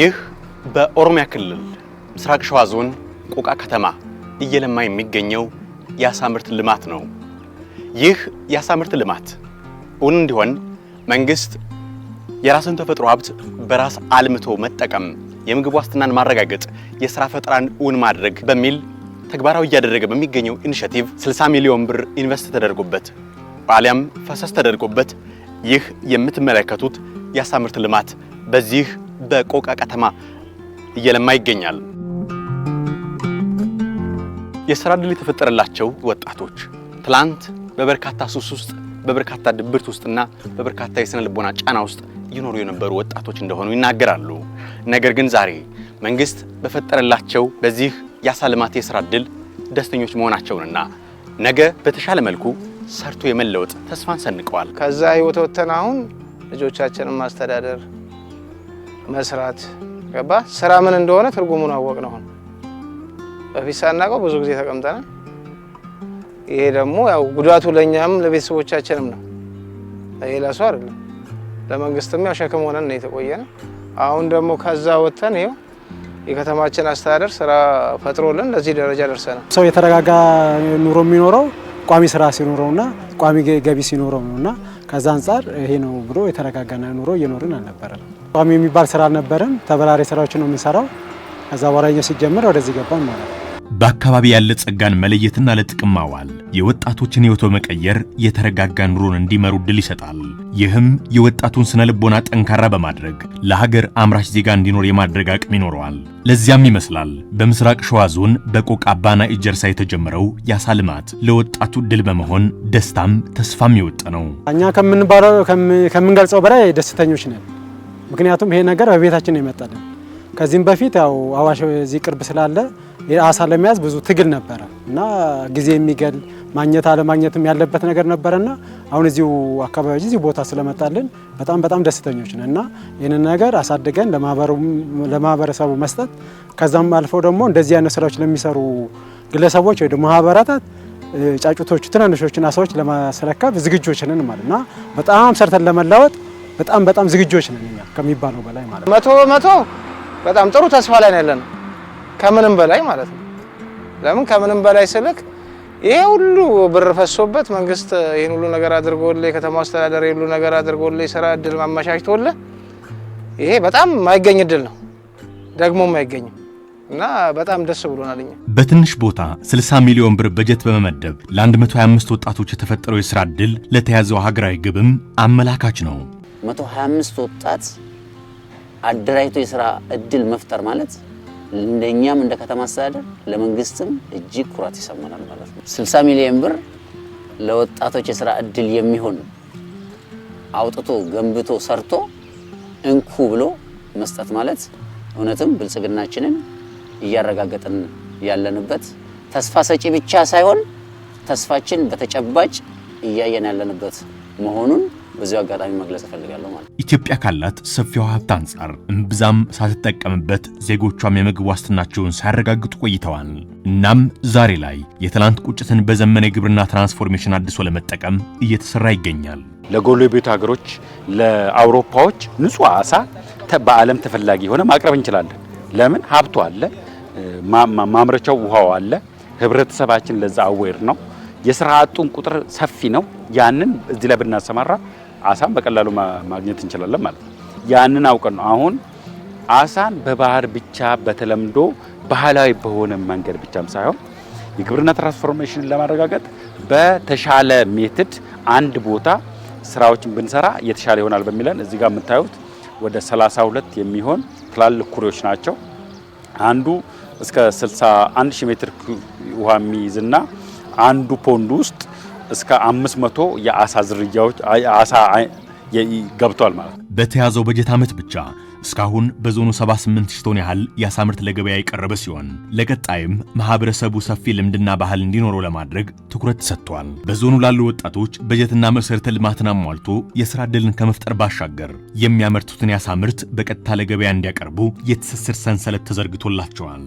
ይህ በኦሮሚያ ክልል ምስራቅ ሸዋ ዞን ቆቃ ከተማ እየለማ የሚገኘው የአሳ ምርት ልማት ነው። ይህ የአሳ ምርት ልማት እውን እንዲሆን መንግስት የራስን ተፈጥሮ ሀብት በራስ አልምቶ መጠቀም፣ የምግብ ዋስትናን ማረጋገጥ፣ የስራ ፈጠራን እውን ማድረግ በሚል ተግባራዊ እያደረገ በሚገኘው ኢኒሽቲቭ 60 ሚሊዮን ብር ኢንቨስት ተደርጎበት አሊያም ፈሰስ ተደርጎበት ይህ የምትመለከቱት የአሳ ምርት ልማት በዚህ በቆቃ ከተማ እየለማ ይገኛል። የስራ እድል የተፈጠረላቸው ወጣቶች ትላንት በበርካታ ሱስ ውስጥ በበርካታ ድብርት ውስጥና በበርካታ የስነ ልቦና ጫና ውስጥ ይኖሩ የነበሩ ወጣቶች እንደሆኑ ይናገራሉ። ነገር ግን ዛሬ መንግስት በፈጠረላቸው በዚህ የአሳ ልማት የስራ እድል ደስተኞች መሆናቸውንና ነገ በተሻለ መልኩ ሰርቶ የመለወጥ ተስፋን ሰንቀዋል። ከዛ ህይወት ወጥተን አሁን ልጆቻችንን ማስተዳደር መስራት ገባ። ስራ ምን እንደሆነ ትርጉሙን አወቅ ነው። በፊት ሳናውቀው ብዙ ጊዜ ተቀምጠናል። ይሄ ደግሞ ያው ጉዳቱ ለእኛም ለቤተሰቦቻችንም ነው። ይሄ ለሱ አይደለም፣ ለመንግስትም ያው ሸክም ሆነን ነው የተቆየነ። አሁን ደግሞ ከዛ ወጥተን ይኸው የከተማችን አስተዳደር ስራ ፈጥሮልን ለዚህ ደረጃ ደርሰናል። ሰው የተረጋጋ ኑሮ የሚኖረው ቋሚ ስራ ሲኖረውና ቋሚ ገቢ ሲኖረው ነውና ከዛ አንጻር ይሄ ነው ብሎ የተረጋጋና ኑሮ እየኖርን አልነበረም። ቋሚ የሚባል ስራ አልነበረም። ተበራሪ ስራዎችን ነው የምንሰራው። ከዛ በኋላ ሲጀምር ወደዚህ ገባን ማለት ነው። በአካባቢ ያለ ጸጋን መለየትና ለጥቅም ማዋል የወጣቶችን ሕይወት በመቀየር የተረጋጋ ኑሮን እንዲመሩ ድል ይሰጣል። ይህም የወጣቱን ስነ ልቦና ጠንካራ በማድረግ ለሀገር አምራች ዜጋ እንዲኖር የማድረግ አቅም ይኖረዋል። ለዚያም ይመስላል በምስራቅ ሸዋ ዞን በቆቃ አባና ኢጀርሳ የተጀመረው የአሳ ልማት ለወጣቱ ድል በመሆን ደስታም ተስፋም ይወጥ ነው። እኛ ከምንባለው ከምንገልጸው በላይ ደስተኞች ነን። ምክንያቱም ይሄ ነገር በቤታችን ነው የመጣልን። ከዚህም በፊት ያው አዋሽ እዚህ ቅርብ ስላለ አሳ ለመያዝ ብዙ ትግል ነበረ እና ጊዜ የሚገል ማግኘት አለማግኘትም ያለበት ነገር ነበረ እና አሁን እዚሁ አካባቢ እዚሁ ቦታ ስለመጣልን በጣም በጣም ደስተኞች ነን እና ይህንን ነገር አሳድገን ለማህበረሰቡ መስጠት ከዛም አልፈው ደግሞ እንደዚህ አይነት ስራዎች ለሚሰሩ ግለሰቦች ወይ ማህበራታት ጫጩቶቹ ትናንሾችን አሳዎች ለማስረከብ ዝግጆች ነን ማለት እና በጣም ሰርተን ለመላወጥ በጣም በጣም ዝግጆች ነን እኛ ከሚባለው በላይ ማለት ነው። መቶ በመቶ በጣም ጥሩ ተስፋ ላይ ነው ያለነው። ከምንም በላይ ማለት ነው። ለምን ከምንም በላይ ስልክ ይሄ ሁሉ ብር ፈሶበት መንግስት ይህን ሁሉ ነገር አድርጎልህ፣ የከተማ አስተዳደር ሁሉ ነገር አድርጎልህ፣ የስራ እድል ማመቻችቶልህ፣ ይሄ በጣም ማይገኝ እድል ነው ደግሞ አይገኝም። እና በጣም ደስ ብሎናል። በትንሽ ቦታ 60 ሚሊዮን ብር በጀት በመመደብ ለ125 ወጣቶች የተፈጠረው የስራ እድል ለተያዘው ሀገራዊ ግብም አመላካች ነው። 125 ወጣት አደራጅቶ የስራ እድል መፍጠር ማለት እንደኛም እንደ ከተማ አስተዳደር ለመንግስትም እጅግ ኩራት ይሰማናል ማለት ነው። 60 ሚሊዮን ብር ለወጣቶች የስራ እድል የሚሆን አውጥቶ ገንብቶ ሰርቶ እንኩ ብሎ መስጠት ማለት እውነትም ብልጽግናችንን እያረጋገጥን ያለንበት ተስፋ ሰጪ ብቻ ሳይሆን ተስፋችን በተጨባጭ እያየን ያለንበት መሆኑን በዚሁ አጋጣሚ መግለጽ እፈልጋለሁ ማለት ኢትዮጵያ ካላት ሰፊው ሀብት አንጻር እምብዛም ሳትጠቀምበት ዜጎቿም የምግብ ዋስትናቸውን ሳያረጋግጡ ቆይተዋል። እናም ዛሬ ላይ የትላንት ቁጭትን በዘመነ የግብርና ትራንስፎርሜሽን አድሶ ለመጠቀም እየተሰራ ይገኛል። ለጎረቤት ሀገሮች፣ ለአውሮፓዎች ንጹህ አሳ በዓለም ተፈላጊ የሆነ ማቅረብ እንችላለን። ለምን ሀብቱ አለ፣ ማምረቻው ውሃው አለ። ህብረተሰባችን ለዛ አዌር ነው። የስራ አጡን ቁጥር ሰፊ ነው። ያንን እዚህ ላይ ብናሰማራ አሳን በቀላሉ ማግኘት እንችላለን ማለት ነው። ያንን አውቀን ነው አሁን አሳን በባህር ብቻ በተለምዶ ባህላዊ በሆነ መንገድ ብቻም ሳይሆን የግብርና ትራንስፎርሜሽንን ለማረጋገጥ በተሻለ ሜትድ አንድ ቦታ ስራዎችን ብንሰራ የተሻለ ይሆናል በሚለን እዚህ ጋር የምታዩት ወደ 32 የሚሆን ትላልቅ ኩሬዎች ናቸው። አንዱ እስከ 61 ሺህ ሜትር ውሃ የሚይዝና አንዱ ፖንድ ውስጥ እስከ 500 የአሳ ዝርያዎች አሳ ገብቷል ማለት ነው። በተያዘው በጀት ዓመት ብቻ እስካሁን በዞኑ 78 ሺህ ቶን ያህል የአሳ ምርት ለገበያ የቀረበ ሲሆን ለቀጣይም ማህበረሰቡ ሰፊ ልምድና ባህል እንዲኖረው ለማድረግ ትኩረት ተሰጥቷል። በዞኑ ላሉ ወጣቶች በጀትና መሰረተ ልማትን አሟልቶ የሥራ ዕድልን ከመፍጠር ባሻገር የሚያመርቱትን የአሳ ምርት በቀጥታ ለገበያ እንዲያቀርቡ የትስስር ሰንሰለት ተዘርግቶላቸዋል።